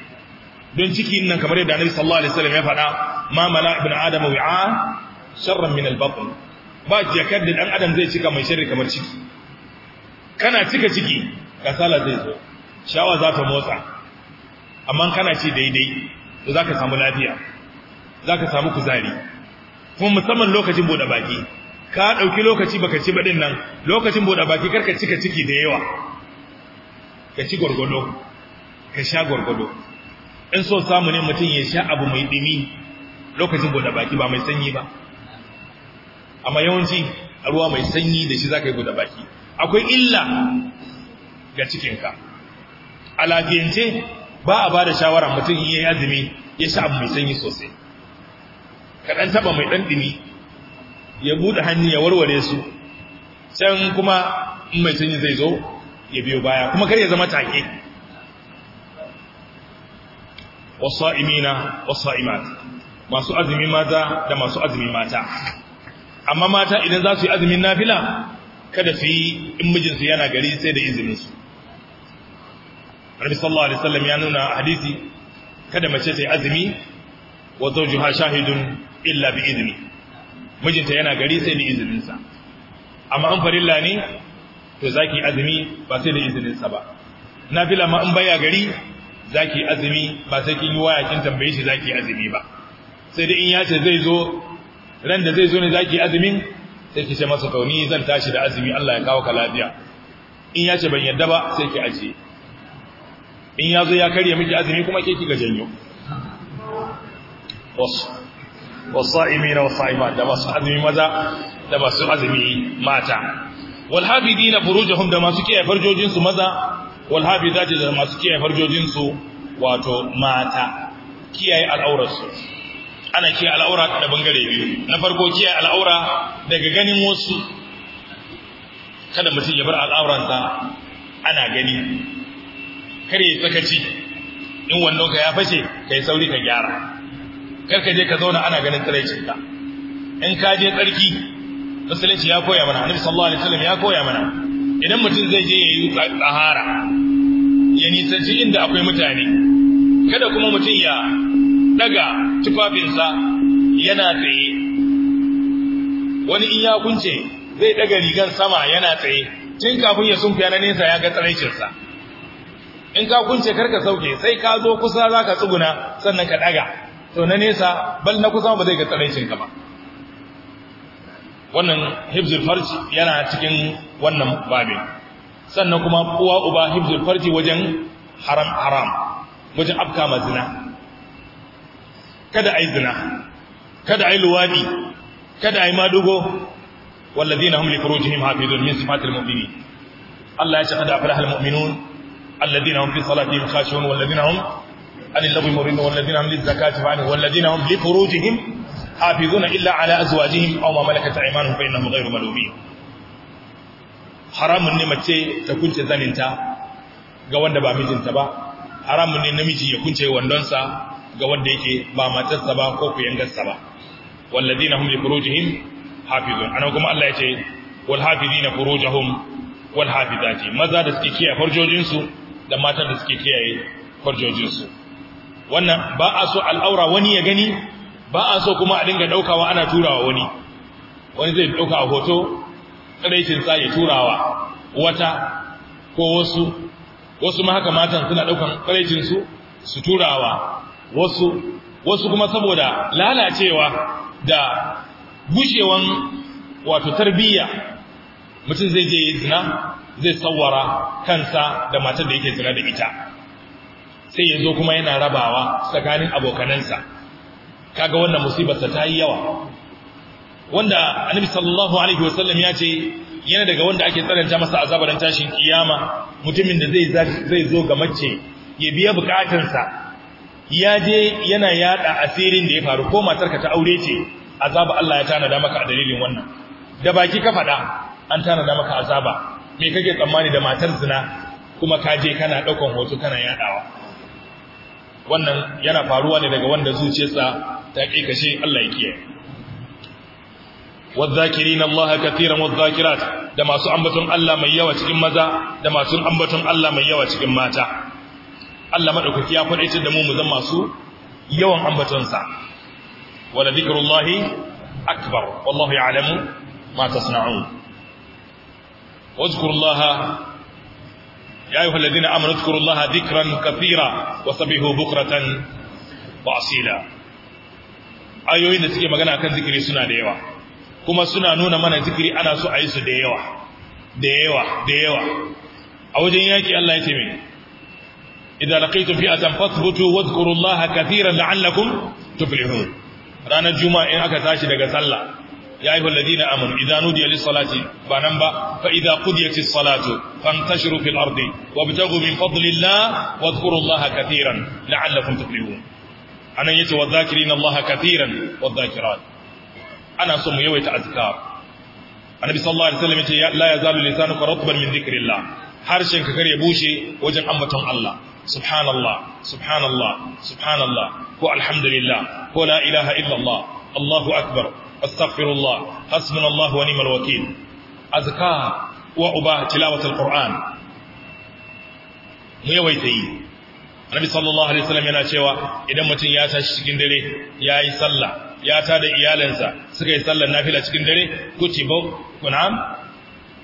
don ciki nan kamar yadda annabi sallallahu alaihi wasallam ya faɗa ma mala ibn adam wi'a sharran min al-batn ba jakar da dan adam zai cika mai sharri kamar ciki kana cika ciki kasala zai zo shawa za ta motsa amma kana ci daidai to zaka samu lafiya zaka samu kuzari kuma musamman lokacin bude baki ka dauki lokaci baka ci badin nan lokacin bude baki karka cika ciki da yawa ka ci gorgodo ka sha gorgodo in so samu ne mutum ya sha abu mai dumi lokacin guda baki ba mai sanyi ba amma yawanci ruwa mai sanyi da shi zaka yi guda baki akwai illa ga cikinka a lafiyance ba a ba da shawara mutum ya yi azumi ya sha abu mai sanyi sosai kaɗan taba mai ɗan ɗumi ya buɗe hannu ya warware su can kuma in mai sanyi zai zo ya biyo baya kuma kar ya zama take wasa'imina wasa'imat masu azumi maza da masu azumi mata amma mata idan za su yi azumin nafila kada su yi in mijinsu yana gari sai da izininsu Rabbi sallallahu alaihi ya nuna hadisi kada mace ta yi azumi wa zawjuha shahidun illa bi izini, mijinta yana gari sai da izininsa amma an farilla ne to zaki azumi ba sai da izininsa ba nafila ma in baya gari zaki azumi ba sai kin yi waya kin tambaye shi zaki azumi ba sai dai in ya ce zai zo ran da zai zo ne zaki azumin sai ki ce masa to ni zan tashi da azumi Allah ya kawo ka lafiya in ya ce ban yadda ba sai ki aje in ya zo ya karya miki azumi kuma ke ga janyo wasu wasa'imina wasa'imat da masu azumi maza da masu azumi mata wal habidina furujahum da masu kiyaye farjojin su maza wal hafizati da masu kiyaye farjojin su wato mata kiyaye al'aurar su ana kiyaye al'aura da bangare biyu na farko kiyaye al'aura daga ganin wasu kada mutum ya bar al'auranta ana gani kare ya sakaci in wannan ka ya fashe kai sauri ka gyara kar ka je ka zauna ana ganin ka, in ka je tsarki musulunci ya koya mana annabi sallallahu alaihi wasallam ya koya mana idan mutum zai je yayi tsahara ya nisanci inda akwai mutane kada kuma mutum ya daga tufafinsa yana tsaye wani in ya kunce zai daga rigar sama yana tsaye tun kafin ya sunfiya na nesa ya ga tsaraicinsa in ka kunce karka sauke sai ka zo kusa za ka tsuguna sannan ka daga to na nesa bal na kusa ba zai ga ka ba wannan hibzul farji yana cikin wannan babin sannan kuma uwa uba hibzul farji wajen haram haram wajen afka ma zina kada ai zina kada ai luwadi kada ai madugo walladhina hum li furujihim hafizun min sifatil mu'minin Allah ya ce kada aflahal mu'minun الذين هم في صلاتهم خاشعون والذين هم عن اللغو walladina والذين هم للزكاة فعلهم والذين هم لفروجهم hafizuna illa ala azwajihim aw ma malakat aymanuhum fa innahum ghayru malumin haramun ne mace ta kunce zaninta ga wanda ba mijinta ba haramun ne namiji ya kunce wandonsa ga wanda yake ba matarsa ba ko kuyangarsa ba walladina hum li furujihim hafizun anan kuma Allah ya ce wal hafizina furujahum wal hafizati maza da suke kiyaye farjojinsu da matan da suke kiyaye farjojinsu wannan ba a so al'aura wani ya gani ba a so kuma a dinga daukawa ana turawa wani wani zai dauka a hoto tsaraicin sa ya turawa wata ko wasu wasu ma haka matan suna daukan tsaraicin su su turawa wasu wasu kuma saboda lalacewa da gushewan wato tarbiyya mutum zai je zina zai sawara kansa da matar da yake zina da ita sai ya zo kuma yana rabawa tsakanin abokanansa kaga wannan musibar ta yi yawa wanda annabi sallallahu alaihi wasallam ya ce yana daga wanda ake tsananta masa azabar tashin kiyama mutumin da zai zai zo ga mace ya biya bukatunsa ya je yana yada asirin da ya faru ko matarka ta aure ce azaba Allah ya da maka a dalilin wannan da baki ka faɗa an tanada maka azaba me kake tsammani da matar zina kuma ka je kana ɗaukan hoto kana yadawa wannan yana faruwa ne daga wanda zuciyarsa ta kai kashe Allah ya kiyaye والذاكرين الله كثيرا والذاكرات da masu ambaton Allah mai yawa cikin maza da masu ambaton Allah mai yawa cikin mata Allah madaukaki ya fadaice da mu mu zama masu yawan ambaton sa wala dhikrullahi akbar wallahu ya'lamu ma tasna'un wazkurullaha ya ayyuhalladhina amanu dhkurullaha dhikran katira wasbihu bukratan wa asila ayoyin da suke magana kan zikiri suna da yawa kuma suna nuna mana zikiri ana so a yi su da yawa da yawa da yawa a wajen yaki Allah ya ce min idan laqaytum fi'atan fathbutu wadhkurullaha katiran la'allakum tuflihun ranar juma'a in aka tashi daga sallah ya ayyuhal ladina amanu idan nudiya lis salati ba nan ba fa idza qudiyatis salatu fantashiru fil ardi wabtaghu min fadlillah wadhkurullaha katiran la'allakum tuflihun anan yace wa zakirin Allah katiran wa zakirat ana so mu yawaita azkar annabi sallallahu alaihi wasallam yace la yazalu lisanuka ratban min dhikrillah harshen ka kar bushe wajen ambaton Allah subhanallah subhanallah subhanallah ko alhamdulillah ko la ilaha illallah Allahu akbar astaghfirullah hasbunallahu wa ni'mal wakeel azkar wa ubah tilawatul qur'an mu yawaita yi annabi sallallahu alaihi wasallam yana cewa idan mutum ya tashi cikin dare ya yi sallah ya ta da iyalansa suka yi sallar nafila cikin dare kutiba kunam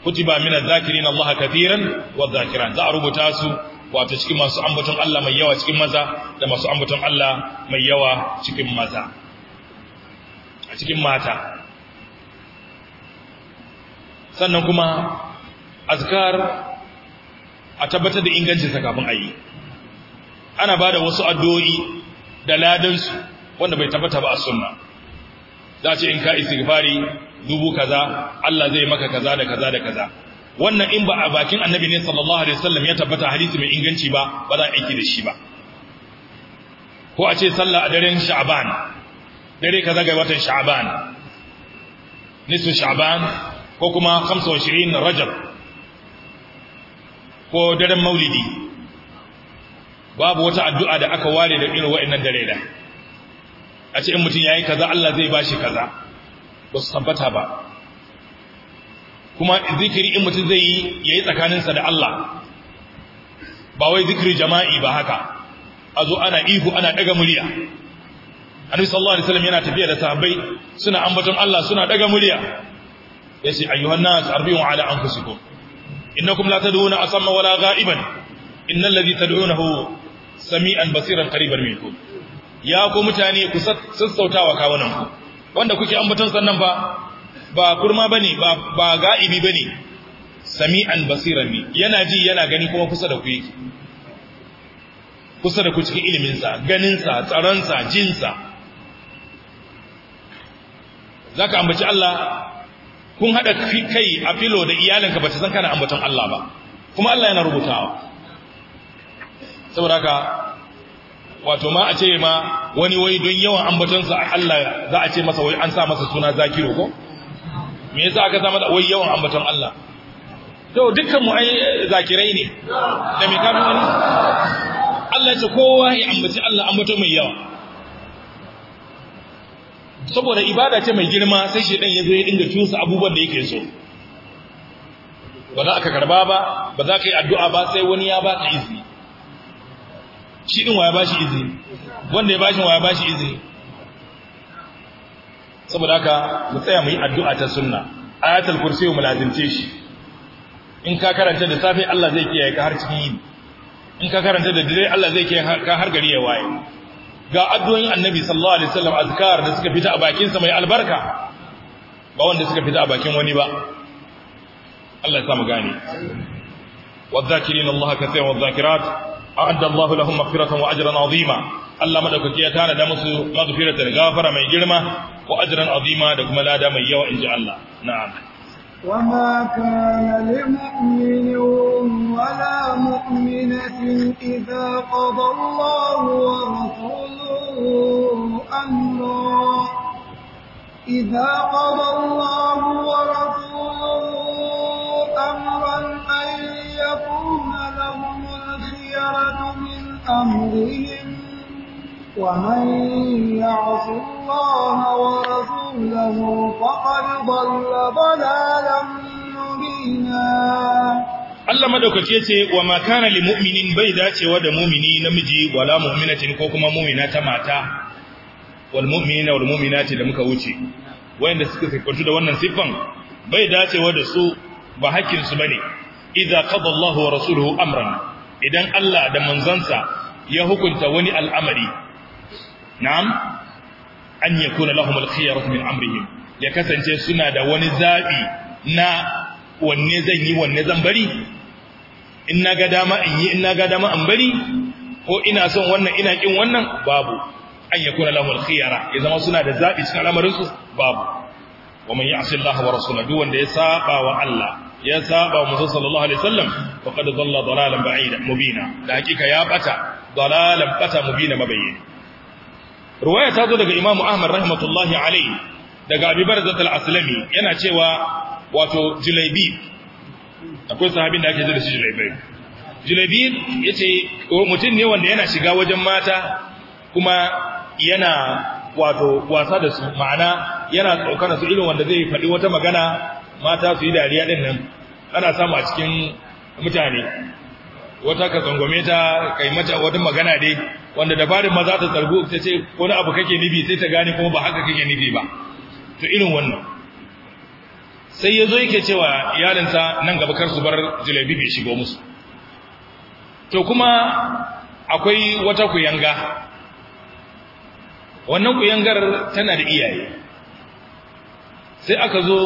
kutiba min adh Allah kathiran wa zakiran za a rubuta su wato cikin masu ambaton Allah mai yawa cikin maza da masu ambaton Allah mai yawa cikin maza a cikin mata sannan kuma azkar a tabbatar da ingancinsa kafin ayi ana ba da wasu addu'o'i da ladansu wanda bai tabbata ba a sunna za ce in ka istighfari dubu kaza Allah zai maka kaza da kaza da kaza wannan in ba a bakin annabi ne sallallahu alaihi wasallam ya tabbata hadisi mai inganci ba ba za a aiki da shi ba ko a ce sallah a daren sha'ban dare kaza ga watan sha'ban nisu sha'ban ko kuma 25 rajab ko daren maulidi babu wata addu'a da aka ware da irin wa'annan dare da a ce in mutum yi kaza Allah zai bashi kaza ba su tabbata ba kuma zikiri in mutum zai yi yayi tsakaninsa da Allah ba wai zikiri jama'i ba haka a zo ana ihu ana ɗaga murya annabi sallallahu alaihi wasallam yana tafiya da sahabbai suna ambaton Allah suna daga murya yace ayyuhan nas arbiu ala anfusikum innakum la tad'una asamma wala ghaiban ta ladhi tad'unahu sami'an basiran qariban minkum ya ku mutane ku sassautawa kawunan ku wanda kuke ambaton sannan ba ba kurma bane ba ba ga'ibi bane sami'an basiran ne yana ji yana gani kuma kusa da ku yake kusa da ku cikin ilimin sa ganin sa tsaron sa jin sa zaka ambaci Allah kun hada kai a filo da iyalinka ba ta san kana ambaton Allah ba kuma Allah yana rubutawa saboda ka wato ma a ce ma wani wai don yawan ambatonsa a Allah za a ce masa wai an sa masa suna zakiro ko me yasa aka sa masa wai yawan ambaton Allah to dukkan mu ai zakirai ne da me ka wani Allah ce kowa ya ambaci Allah ambaton mai yawa saboda ibada ce mai girma sai shedan ya zo ya dinga cusa abubuwan da yake so ba za ka karba ba ba za ka yi addu'a ba sai wani ya ba ka izini shi ɗin waya ba shi izini wanda ya bashin waya bashi izini saboda haka mu tsaya mu yi addu'a ta sunna ayatul kursi mu lazimce shi in ka karanta da safe Allah zai kiyaye ka har cikin yini in ka karanta da dare Allah zai kiyaye ka har gari ya waye ga addu'o'in annabi sallallahu alaihi wasallam azkar da suka fita a bakin sa mai albarka ba wanda suka fita a bakin wani ba Allah ya sa mu gane والذاكرين الله كثيرا والذاكرات a'adda Allahu lahum maghfiratan wa ajran azima Allah madaukaki ya tana da musu maghfiratan gafara mai girma wa ajran azima da kuma lada mai yawa inji Allah na'am وما كان لمؤمن ولا مؤمنة إذا قضى الله ورسوله أمرا إذا قضى الله ورسوله أمرا أن يكون أمرهم ومن يعص الله ورسوله فقد ضل ضلالا مبينا Allah madaukaki yace wa ma kana lil mu'minin bai dacewa da mu'mini namiji wala mu'minatin ko kuma mu'mina ta mata wal mu'minina wal mu'minati da muka wuce wayanda suka sifatu da wannan siffan bai dacewa da su ba hakkin su bane idza qada Allahu wa rasuluhu amran idan Allah da manzansa ya hukunta wani al'amari na'am an yakuna lahum al-khiyaratu min amrihim ya kasance suna da wani zaɓi na wanne zan yi wanne zan bari in na ga dama in yi in na ga dama an bari ko ina son wannan ina ƙin wannan babu an yakuna lahum al-khiyara ya zama suna da zaɓi cikin alamarinsu? babu wa mun yi ya'si Allah wa rasulahu wanda ya saɓa wa Allah ya saba musu sallallahu alaihi wasallam faqad dhalla dalalan ba'ida mubina da hakika ya bata dalalan bata mubina mabayyin riwaya ta zo daga imamu ahmad rahmatullahi alaihi daga abi barzat al-aslami yana cewa wato julaybi akwai sahabin da ake da shi julaybi julaybi yace mutum ne wanda yana shiga wajen mata kuma yana wato wasa da su ma'ana yana tsokana su irin wanda zai faɗi wata magana mata su yi dariya din nan ana samu a cikin mutane wata ka tsangwame ta kai mata wata magana dai wanda dabarin maza ta tsargu ta ce wani abu kake nufi sai ta gane kuma ba haka kake nufi ba to irin wannan sai ya zo yake cewa iyalinsa nan gaba kar su bar jilabi bai shigo musu to kuma akwai wata kuyanga wannan kuyangar tana da iyaye sai aka zo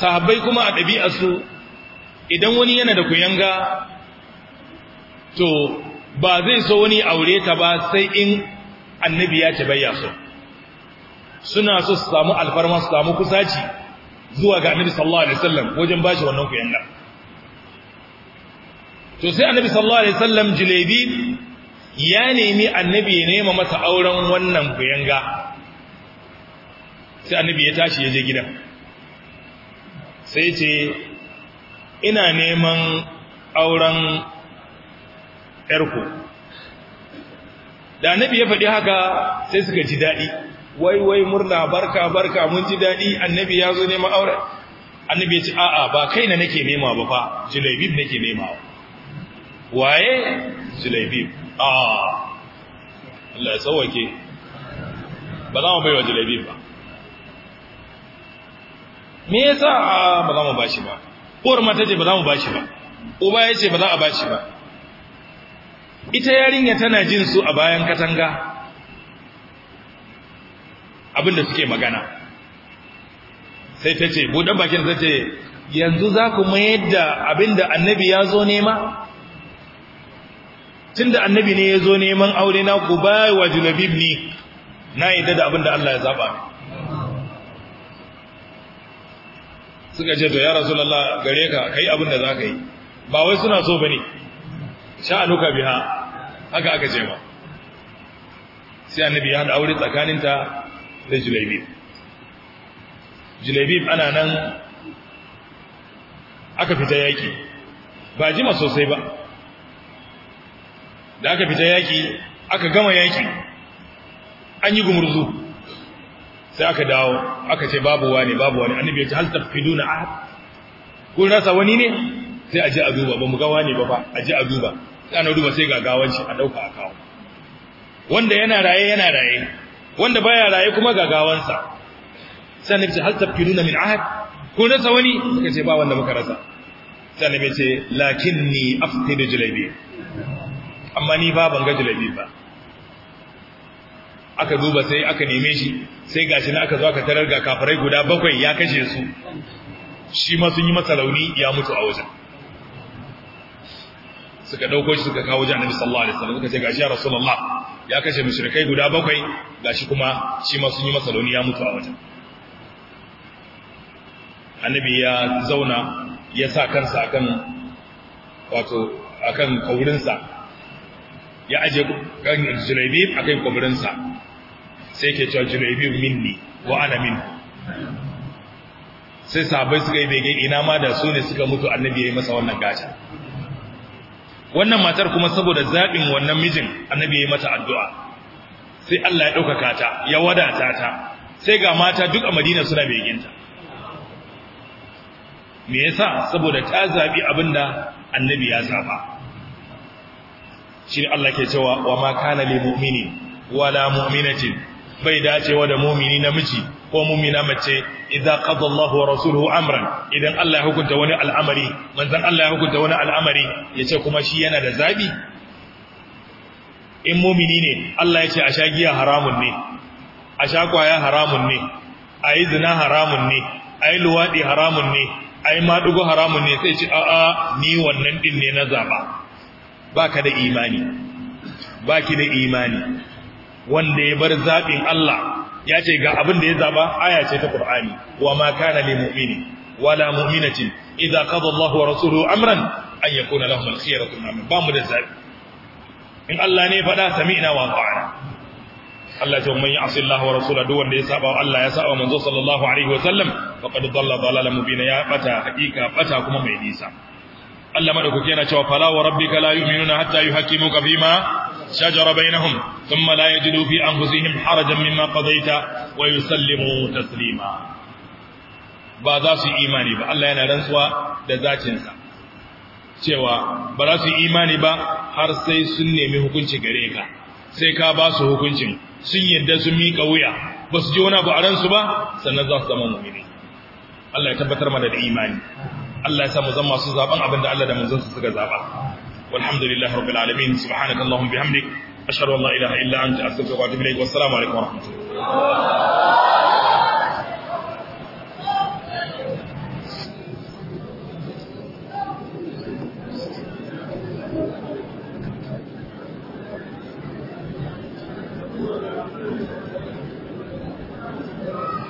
sahabbai kuma a ɗabi'arsu idan wani yana da kuyanga to ba zai so wani aure ta ba sai in annabi ya bayya so suna so su samu alfarma su samu kusaci zuwa ga annabi sallallahu alaihi wasallam wajen bashi wannan kuyanga to sai annabi sallallahu alaihi wasallam jilebi ya nemi annabi ya nema masa auren wannan kuyanga sai annabi ya tashi ya je gidan sai ce ina neman auren ƴarku. da annabi ya faɗi haka sai suka ji daɗi wai wai murna barka barka mun ji daɗi annabi ya zo neman auren annabi ya ce a'a ba kai na nake nema ba fa julaibib nake nema waye julaibib a'a Allah ya sauwake ba za mu bai wa julaibib ba me yasa ah, ba za mu bashi ba uwar mata ce ba za mu bashi ba uba ya ce ba za a bashi ba ita yarinya tana jin su a bayan katanga abinda suke magana sai ta ce buɗe bakin ta ce yanzu za ku mayar da abinda annabi ya zo nema Tun da annabi ne ya zo neman aure na ku ba wa julabib ni na yadda da abinda Allah ya zaba suka ce to ya rasulullah gare ka kai abin da zaka yi ba wai suna so bane aluka biha haka aka ce ma sai annabi ya hada aure tsakaninta da julaybib julaybib ana nan aka fita yaki ba jima sosai ba da aka fita yaki aka gama yaki an yi gumurzu sai aka dawo aka ce babu wani babu wani annabi ya ce hal tafiduna ahad ko rasa wani ne sai a je a duba ba mu ga wani ba ba a je a duba sai ana duba sai ga gawan shi a dauka a kawo wanda yana raye yana raye wanda baya raye kuma ga gawansa sai annabi ya ce hal tafiduna min ahad ko rasa wani aka ce ba wanda muka rasa sai annabi ya ce lakinni afqidu jalabi amma ni ba ban ga jalabi ba aka duba sai aka neme shi sai gashi na aka zo aka tarar ga kafirai guda bakwai ya kashe su shi ma sun yi masa rauni ya mutu a wajen suka dauko shi suka kawo wajen annabi sallallahu alaihi wasallam suka ce gashi ya rasulullah ya kashe mushrikai guda bakwai gashi kuma shi ma sun yi masa rauni ya mutu a wajen annabi ya zauna ya sa kansa akan wato akan kaurinsa ya aje kan jirabib akan kaurinsa sai ke cewa juraybiyu minni wa ana min sai sabai suka yi bege ina ma da su ne suka mutu annabi ya yi masa wannan gata wannan matar kuma saboda zaɓin wannan mijin annabi ya yi mata addu'a sai Allah ya ɗaukaka ta ya wadata ta sai ga mata duk a madina suna beginta me yasa saboda ta zaɓi abin da annabi ya zaɓa shi Allah ke cewa wa ma kana lil mu'mini wala mu'minatin bai dacewa da mumini namiji ko mumina mace idza qada Allahu wa rasuluhu amran idan Allah ya hukunta wani al'amari manzon Allah ya hukunta wani al'amari yace kuma shi yana da zabi in mumini ne Allah yace a sha giya haramun ne a sha kwaya haramun ne a yi zina haramun ne a yi luwaɗi haramun ne a yi maɗugo haramun ne sai ce a'a ni wannan ɗin ne na zaɓa. ba ka da imani ba ki da imani wanda ya bar zaɓin Allah ya ce ga abin da ya zaɓa aya ce ta Qur'ani wa ma kana lil mu'mini wala mu'minatin idza qada Allahu wa rasuluhu amran an yakuna lahum al-khiyaratu min amrihim ba mu da zaɓi in Allah ne faɗa sami'na wa ata'na Allah ya ce man ya'si Allah wa rasulahu duk wanda ya saba Allah ya saba manzo sallallahu alaihi wa sallam faqad dalla dalalan mubina ya bata hakika bata kuma mai nisa Allah madaukake yana cewa fala wa rabbika la yu'minuna hatta yuhaqqimuka bima شجر بينهم ثم لا يجدوا في أنفسهم حرجا مما قضيت ويسلموا تسليما Allah yana rantsuwa da دذاتنسا cewa ba za su yi imani ba har sai sun nemi hukunci gare ka sai ka ba su hukuncin sun yadda sun miƙa wuya ba su ji wani abu a ransu ba sannan za su zama mumini Allah ya tabbatar mana da imani Allah ya sa mu zama masu zaben abin da Allah da manzon su suka zaba والحمد لله رب العالمين سبحانك اللهم بحمدك أشهد أن لا إله إلا أنت أستغفرك وأتوب إليك والسلام عليكم ورحمة الله Thank you.